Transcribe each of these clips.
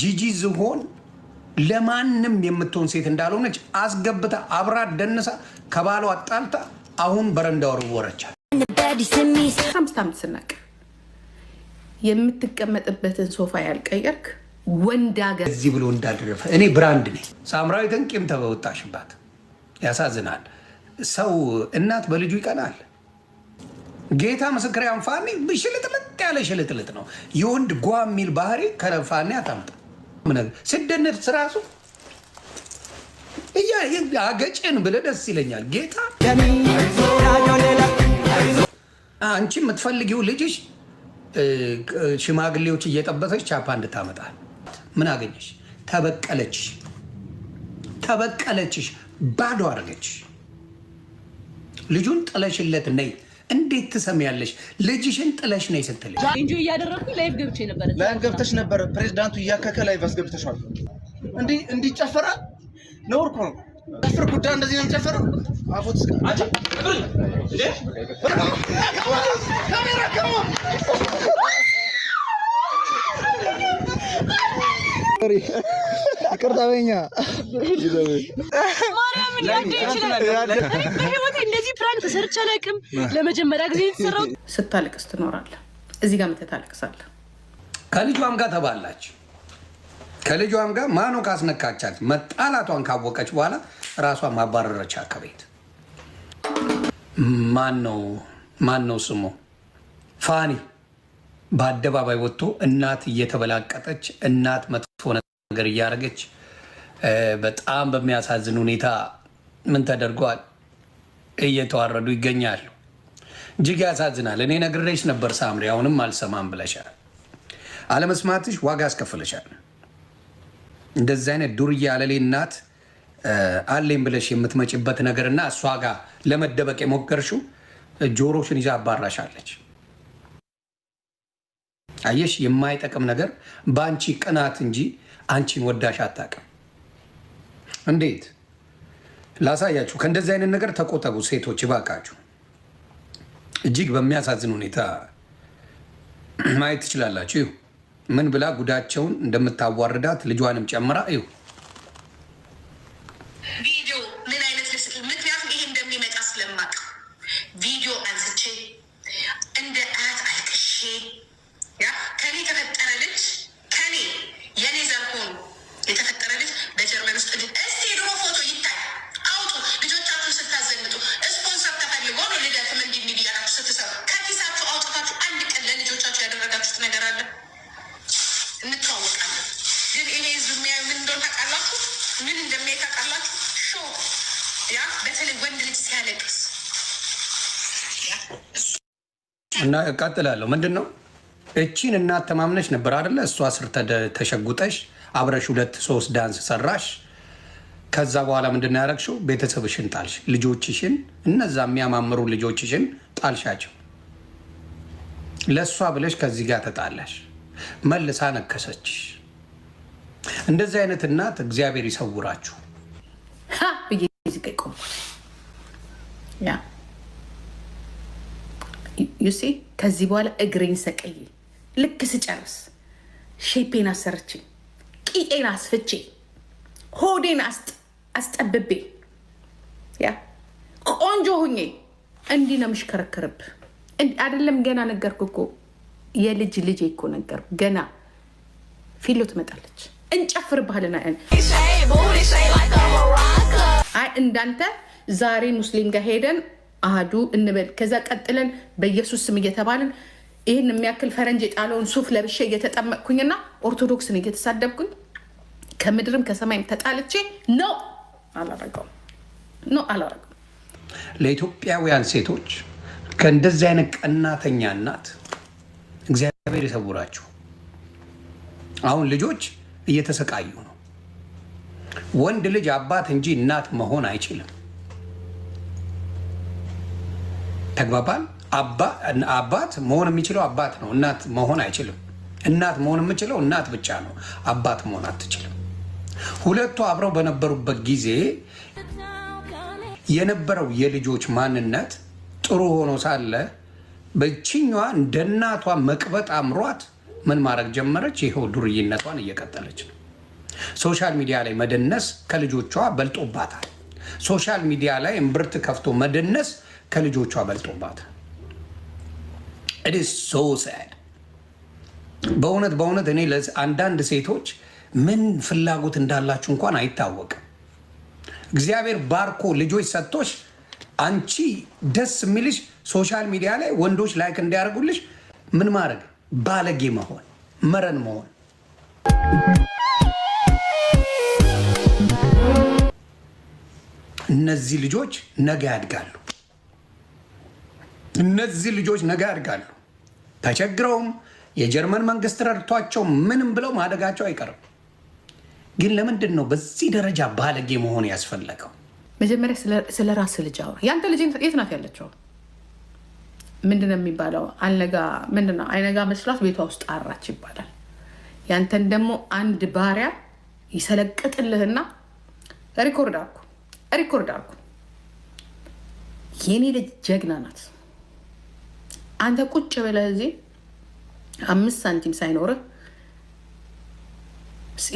ጂጂ ዝሆን ለማንም የምትሆን ሴት እንዳልሆነች አስገብታ አብራ ደንሳ ከባሉ አጣልታ አሁን በረንዳ ወረወረቻል። አምስት ዓመት ስናቅ የምትቀመጥበትን ሶፋ ያልቀየርክ ወንድ ሀገር እዚህ ብሎ እንዳደረፈ እኔ ብራንድ ነኝ። ሳምራዊትን ቂም ተበወጣሽባት። ያሳዝናል። ሰው እናት በልጁ ይቀናል። ጌታ ምስክር ያንፋኒ ብሽልጥልጥ ያለ ሽልጥልጥ ነው። የወንድ ጓ የሚል ባህሪ ከረፋና ያታምጣ ስደነት ስራሱ እያ አገጭን ብለ ደስ ይለኛል ጌታ። አንቺ የምትፈልጊው ልጅሽ ሽማግሌዎች እየጠበሰች ቻፓ እንድታመጣል ምን አገኘሽ? ተበቀለችሽ፣ ተበቀለችሽ፣ ባዶ አድርገችሽ። ልጁን ጥለሽለት ነይ እንዴት ትሰሚያለሽ? ልጅሽን ጥለሽ ነው ስትልሽ እንጂ እያደረግኩ ላይፍ ገብቼ ነበረ። ላይፍ ገብተሽ ነበረ። ፕሬዚዳንቱ እያከከ ላይፍ አስገብተሻል። እንዲጨፈራ ነውር እኮ ነው። ፍር ጉዳይ እንደዚህ ነው የሚጨፈረው። ይቅርታ በኛ ተሰርቼ አላውቅም። ለመጀመሪያ ጊዜ የተሰራው ስታልቅስ ትኖራለህ። እዚህ ጋር መተህ ታለቅሳለህ። ከልጇም ጋር ተባላች። ከልጇም ጋር ማኖ ካስነካቻት መጣላቷን ካወቀች በኋላ ራሷን ማባረረች ከቤት። ማን ነው ስሙ ፋኒ በአደባባይ ወጥቶ እናት እየተበላቀጠች እናት መጥፎ ነገር እያደረገች በጣም በሚያሳዝን ሁኔታ ምን ተደርገዋል? እየተዋረዱ ይገኛሉ። እጅግ ያሳዝናል። እኔ ነግሬሽ ነበር ሳምሪ፣ አሁንም አልሰማም ብለሻል። አለመስማትሽ ዋጋ አስከፍለሻል። እንደዚህ አይነት ዱርዬ አለሌ እናት አለኝ ብለሽ የምትመጭበት ነገርና እሷ ጋ ለመደበቅ የሞከርሽው ጆሮሽን ይዛ አባራሻለች። አየሽ፣ የማይጠቅም ነገር በአንቺ ቅናት እንጂ አንቺን ወዳሽ አታውቅም። እንዴት ላሳያችሁ። ከእንደዚህ አይነት ነገር ተቆጠቡ ሴቶች፣ ይባቃችሁ እጅግ በሚያሳዝን ሁኔታ ማየት ትችላላችሁ። ይሁ ምን ብላ ጉዳቸውን እንደምታዋርዳት ልጇንም ጨምራ ይሁ ምን እንደሚያቃቃላችሁ ሾ ያ በተለይ ወንድ ልጅ ሲያለቅስ እና እቃጥላለሁ ምንድን ነው እቺን እናት ተማምነሽ ነበር አደለ? እሷ ስር ተሸጉጠሽ አብረሽ ሁለት ሶስት ዳንስ ሰራሽ። ከዛ በኋላ ምንድን ያረግሽው? ቤተሰብሽን ጣልሽ፣ ልጆችሽን፣ እነዛ የሚያማምሩ ልጆችሽን ጣልሻቸው። ለእሷ ብለሽ ከዚህ ጋር ተጣላሽ። መልሳ ነከሰችሽ። እንደዚህ አይነት እናት እግዚአብሔር ይሰውራችሁ ብዬ ዩሴ ከዚህ በኋላ እግሬን ሰቀዬ ልክ ስጨርስ ሼፔን አሰርቼ ቂጤን አስፍቼ ሆዴን አስጠብቤ ያ ቆንጆ ሁኜ እንዲህ ነው የምሽከረከርብ። አይደለም ገና ነገርኩ እኮ የልጅ ልጅ እኮ ነገርኩ። ገና ፊሎ ትመጣለች። እንጨፍርብሃለን። አይ እንዳንተ ዛሬ ሙስሊም ጋር ሄደን አህዱ እንበል፣ ከዛ ቀጥለን በኢየሱስ ስም እየተባልን ይህን የሚያክል ፈረንጅ የጣለውን ሱፍ ለብሼ እየተጠመቅኩኝና ኦርቶዶክስን እየተሳደብኩኝ ከምድርም ከሰማይም ተጣልቼ ነው አላረገውም ኖ አላረገውም። ለኢትዮጵያውያን ሴቶች ከእንደዚህ አይነት ቀናተኛ እናት እግዚአብሔር ይሰውራችሁ። አሁን ልጆች እየተሰቃዩ ነው። ወንድ ልጅ አባት እንጂ እናት መሆን አይችልም። ተግባባል። አባት መሆን የሚችለው አባት ነው። እናት መሆን አይችልም። እናት መሆን የምችለው እናት ብቻ ነው። አባት መሆን አትችልም። ሁለቱ አብረው በነበሩበት ጊዜ የነበረው የልጆች ማንነት ጥሩ ሆኖ ሳለ በችኛዋ እንደ እናቷ መቅበጥ አምሯት ምን ማድረግ ጀመረች? ይኸው ዱርይነቷን እየቀጠለች ነው። ሶሻል ሚዲያ ላይ መደነስ ከልጆቿ በልጦባታል። ሶሻል ሚዲያ ላይ እምብርት ከፍቶ መደነስ ከልጆቿ በልጦባታል። ሶ ሳድ በእውነት በእውነት እኔ አንዳንድ ሴቶች ምን ፍላጎት እንዳላችሁ እንኳን አይታወቅም። እግዚአብሔር ባርኮ ልጆች ሰጥቶች አንቺ ደስ የሚልሽ ሶሻል ሚዲያ ላይ ወንዶች ላይክ እንዲያደርጉልሽ ምን ማድረግ ባለጌ መሆን፣ መረን መሆን። እነዚህ ልጆች ነገ ያድጋሉ። እነዚህ ልጆች ነገ ያድጋሉ። ተቸግረውም የጀርመን መንግስት ረድቷቸው ምንም ብለው ማደጋቸው አይቀርም። ግን ለምንድን ነው በዚህ ደረጃ ባለጌ መሆን ያስፈለገው? መጀመሪያ ስለ ራስ ልጅ አውራ። ያንተ ልጅ የት ናት ያለችው? ምንድነው የሚባለው? አልነጋ ምንድነው አይነጋ መስሏት ቤቷ ውስጥ አራች ይባላል። ያንተን ደግሞ አንድ ባሪያ ይሰለቅጥልህና ሪኮርድ አልኩ ሪኮርድ አልኩ። የኔ ልጅ ጀግና ናት። አንተ ቁጭ ብለህ እዚህ አምስት ሳንቲም ሳይኖርህ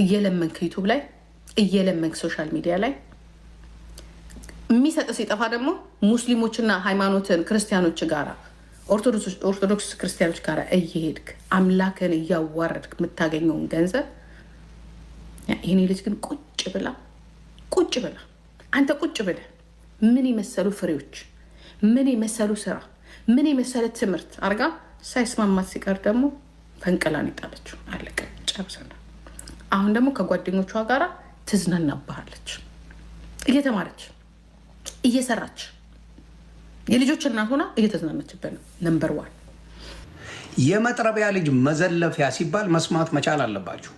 እየለመንክ ዩቱብ ላይ እየለመንክ ሶሻል ሚዲያ ላይ የሚሰጥ ሲጠፋ ደግሞ ሙስሊሞችና ሃይማኖትን ክርስቲያኖች ጋራ። ኦርቶዶክስ ክርስቲያኖች ጋር እየሄድክ አምላክን እያዋረድክ የምታገኘውን ገንዘብ ይህኔ ልጅ ግን ቁጭ ብላ ቁጭ ብላ አንተ ቁጭ ብለ ምን የመሰሉ ፍሬዎች፣ ምን የመሰሉ ስራ፣ ምን የመሰለ ትምህርት አርጋ ሳይስማማት ሲቀር ደግሞ ፈንቅላን ይጣለችው። አለቀ፣ ጨርሰና አሁን ደግሞ ከጓደኞቿ ጋራ ትዝናናባሃለች፣ እየተማረች እየሰራች የልጆች እናት ሆና እየተዝናነችበት ነው። ነምበር ዋን የመጥረቢያ ልጅ መዘለፊያ ሲባል መስማት መቻል አለባችሁ።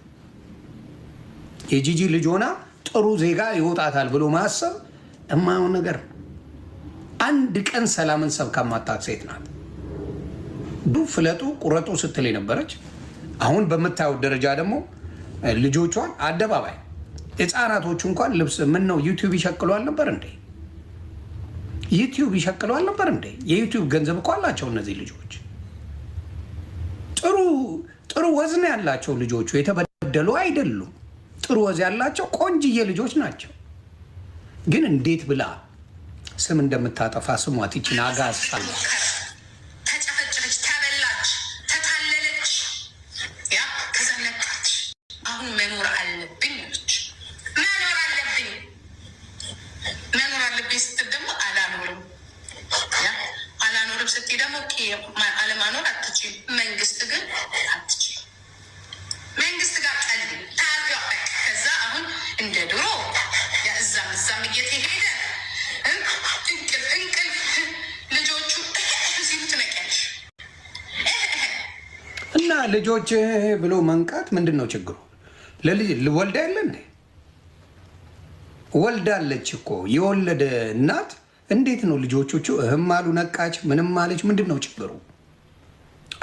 የጂጂ ልጅ ሆና ጥሩ ዜጋ ይወጣታል ብሎ ማሰብ እማየውን ነገር አንድ ቀን ሰላምን ሰብካ ማታት ሴት ናት። ዱ ፍለጡ ቁረጡ ስትል የነበረች አሁን በምታዩት ደረጃ ደግሞ ልጆቿን አደባባይ ህፃናቶቹ እንኳን ልብስ ምን ነው ዩቲዩብ ይሸቅሉ አልነበር እንዴ? ዩቲዩብ ይሸቅለው አልነበር እንዴ? የዩቲዩብ ገንዘብ እኮ አላቸው እነዚህ ልጆች። ጥሩ ጥሩ ወዝን ያላቸው ልጆቹ የተበደሉ አይደሉም። ጥሩ ወዝ ያላቸው ቆንጅዬ ልጆች ናቸው። ግን እንዴት ብላ ስም እንደምታጠፋ ስሟት ይችን አጋሳ አለማኖር አትችም። መንግስት ግን አትችም። መንግስት ጋር ቀል ታያ ከዛ አሁን እንደ ድሮ እዛም እዛም እየተሄደ እንቅልፍ እንቅልፍ ልጆቹ ሲሉ ትነቂያለሽ። እና ልጆች ብሎ መንቃት ምንድን ነው ችግሩ? ለልጅ ወልዳ ያለ እንዴ? ወልዳለች እኮ የወለደ እናት እንዴት ነው ልጆቹ እህም አሉ ነቃች፣ ምንም አለች። ምንድን ነው ችግሩ?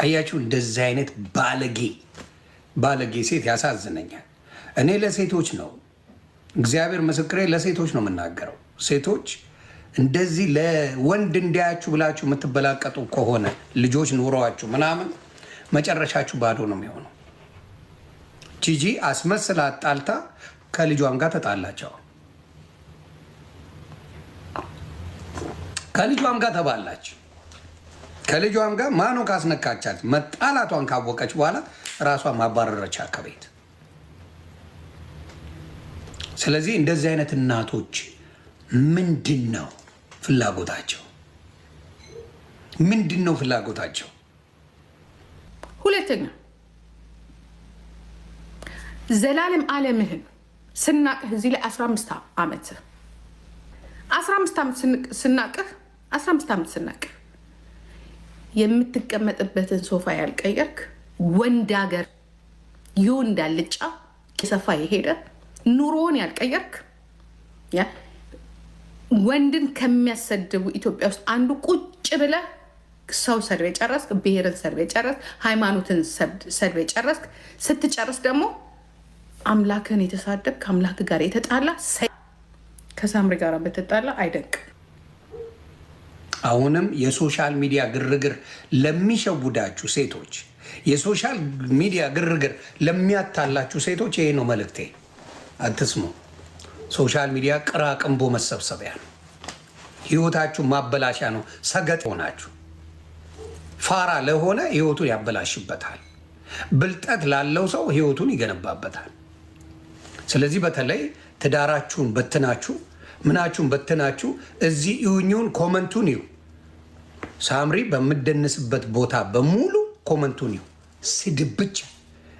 አያችሁ፣ እንደዚህ አይነት ባለጌ ባለጌ ሴት ያሳዝነኛል። እኔ ለሴቶች ነው እግዚአብሔር ምስክሬ፣ ለሴቶች ነው የምናገረው። ሴቶች እንደዚህ ለወንድ እንዲያችሁ ብላችሁ የምትበላቀጡ ከሆነ ልጆች ኑሯችሁ ምናምን መጨረሻችሁ ባዶ ነው የሚሆነው። ጂጂ አስመስላ አጣልታ ከልጇም ጋር ተጣላቸው። ከልጇም ጋር ተባላች። ከልጇም ጋር ማኖ ካስነካቻት መጣላቷን ካወቀች በኋላ ራሷን ማባረረች ከቤት። ስለዚህ እንደዚህ አይነት እናቶች ምንድን ነው ፍላጎታቸው? ምንድን ነው ፍላጎታቸው? ሁለተኛ ዘላለም አለምህን ስናቅህ እዚህ ላይ 15 ዓመት 15 ዓመት ስናቅህ አስራ አምስት ዓመት ስናቅ የምትቀመጥበትን ሶፋ ያልቀየርክ ወንድ ሀገር ይሁ እንዳልጫ የሰፋ የሄደ ኑሮውን ያልቀየርክ ወንድን ከሚያሰድቡ ኢትዮጵያ ውስጥ አንዱ ቁጭ ብለ ሰው ሰድቤ ጨረስክ፣ ብሔርን ሰድቤ ጨረስክ፣ ሃይማኖትን ሰድቤ ጨረስክ። ስትጨርስ ደግሞ አምላክን የተሳደብክ አምላክ ጋር የተጣላ ከሳምሪ ጋር በተጣላ አይደንቅም። አሁንም የሶሻል ሚዲያ ግርግር ለሚሸውዳችሁ ሴቶች፣ የሶሻል ሚዲያ ግርግር ለሚያታላችሁ ሴቶች ይሄ ነው መልእክቴ። አትስሙ። ሶሻል ሚዲያ ቅራቅንቦ መሰብሰቢያ ነው። ህይወታችሁ ማበላሻ ነው። ሰገጥ ሆናችሁ ፋራ ለሆነ ህይወቱን ያበላሽበታል። ብልጠት ላለው ሰው ህይወቱን ይገነባበታል። ስለዚህ በተለይ ትዳራችሁን በትናችሁ ምናችሁን በትናችሁ እዚህ እዩኙን ኮመንቱን ይዩ። ሳምሪ በምደነስበት ቦታ በሙሉ ኮመንቱ ነው ስድብ ብቻ።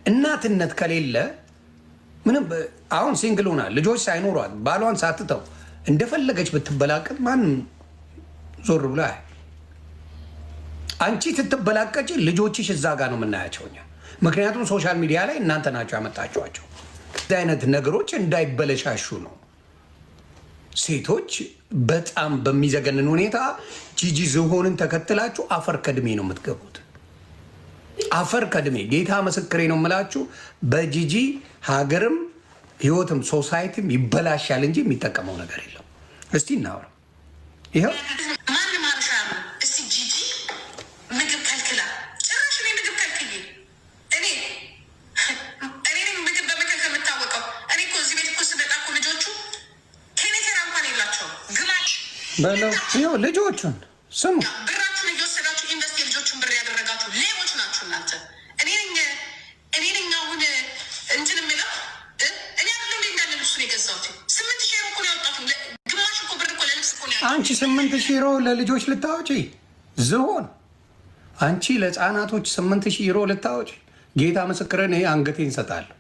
እናትነት ከሌለ ምንም አሁን ሲንግል ሆና ልጆች ሳይኖሯት ባሏን ሳትተው እንደፈለገች ብትበላቀጥ ማንም ዞር ብሎ አንቺ ስትበላቀጭ ልጆችሽ እዛ ጋ ነው የምናያቸው እኛ። ምክንያቱም ሶሻል ሚዲያ ላይ እናንተ ናቸው ያመጣችኋቸው። እዚህ አይነት ነገሮች እንዳይበለሻሹ ነው ሴቶች በጣም በሚዘገንን ሁኔታ ጂጂ ዝሆንን ተከትላችሁ አፈር ከድሜ ነው የምትገቡት። አፈር ከድሜ ጌታ ምስክሬ ነው የምላችሁ። በጂጂ ሀገርም ህይወትም ሶሳይቲም ይበላሻል እንጂ የሚጠቀመው ነገር የለም። እስቲ እናውራ ይኸው በለው ልጆቹን ስሙ ግራችሁን እየወሰዳችሁ ብር ያደረጋችሁ ሌቦች ናችሁ እናንተ። አሁን እንትን እኔ እንደ እንዳለ ልብሱን የገዛሁት ስምንት ሺህ ሮ ነው ያወጣሁት። ግማሽ እኮ ብር እኮ ለልብስ እኮ ነው። አንቺ ስምንት ሺህ ሮ ለልጆች ልታወጪ ዝሆን፣ አንቺ ለህፃናቶች ስምንት ሺህ ሮ ልታወጪ፣ ጌታ ምስክርን ይሄ አንገቴን እሰጣለሁ።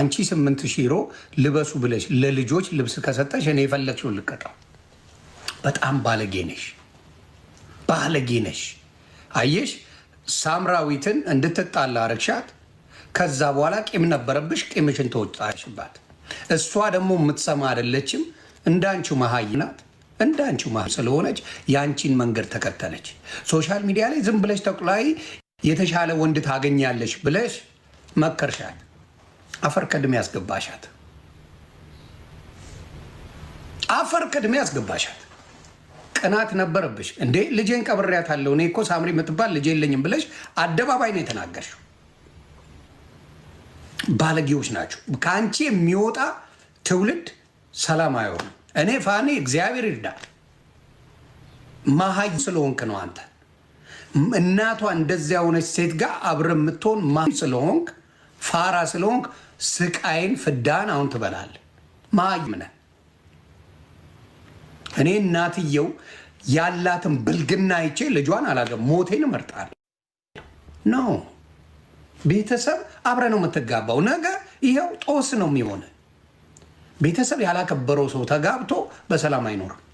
አንቺ ስምንት ሺህ ሮ ልበሱ ብለሽ ለልጆች ልብስ ከሰጠሽ እኔ የፈለግሽውን ልቀጣው በጣም ባለጌ ነሽ፣ ባለጌ ነሽ። አየሽ ሳምራዊትን እንድትጣላ አረግሻት። ከዛ በኋላ ቂም ነበረብሽ፣ ቂምሽን ተወጣሽባት። እሷ ደግሞ የምትሰማ አይደለችም፣ እንዳንቹ መሀይ ናት። እንዳንቹ መሀይ ስለሆነች የአንቺን መንገድ ተከተለች። ሶሻል ሚዲያ ላይ ዝም ብለሽ ተቁላይ የተሻለ ወንድ ታገኛለሽ ብለሽ መከርሻት፣ አፈር ከድሜ ያስገባሻት፣ አፈር ከድሜ ያስገባሻት። ቅናት ነበረብሽ እንዴ? ልጄን ቀብሬያታለሁ እኔ እኮ ሳምሪ የምትባል ልጄ የለኝም ብለሽ አደባባይ ነው የተናገርሽው። ባለጌዎች ናቸው። ከአንቺ የሚወጣ ትውልድ ሰላም አይሆንም። እኔ ፋኒ እግዚአብሔር ይርዳ መሀይ ስለሆንክ ነው አንተ እናቷ እንደዚያ የሆነች ሴት ጋር አብረ የምትሆን ማ ስለሆንክ ፋራ ስለሆንክ ስቃይን ፍዳን አሁን ትበላለህ። መሀይም ነህ። እኔ እናትየው ያላትን ብልግና አይቼ ልጇን አላገ ሞቴን እመርጣለሁ ነው። ቤተሰብ አብረ ነው የምትጋባው። ነገ ይኸው ጦስ ነው የሚሆነ። ቤተሰብ ያላከበረው ሰው ተጋብቶ በሰላም አይኖርም።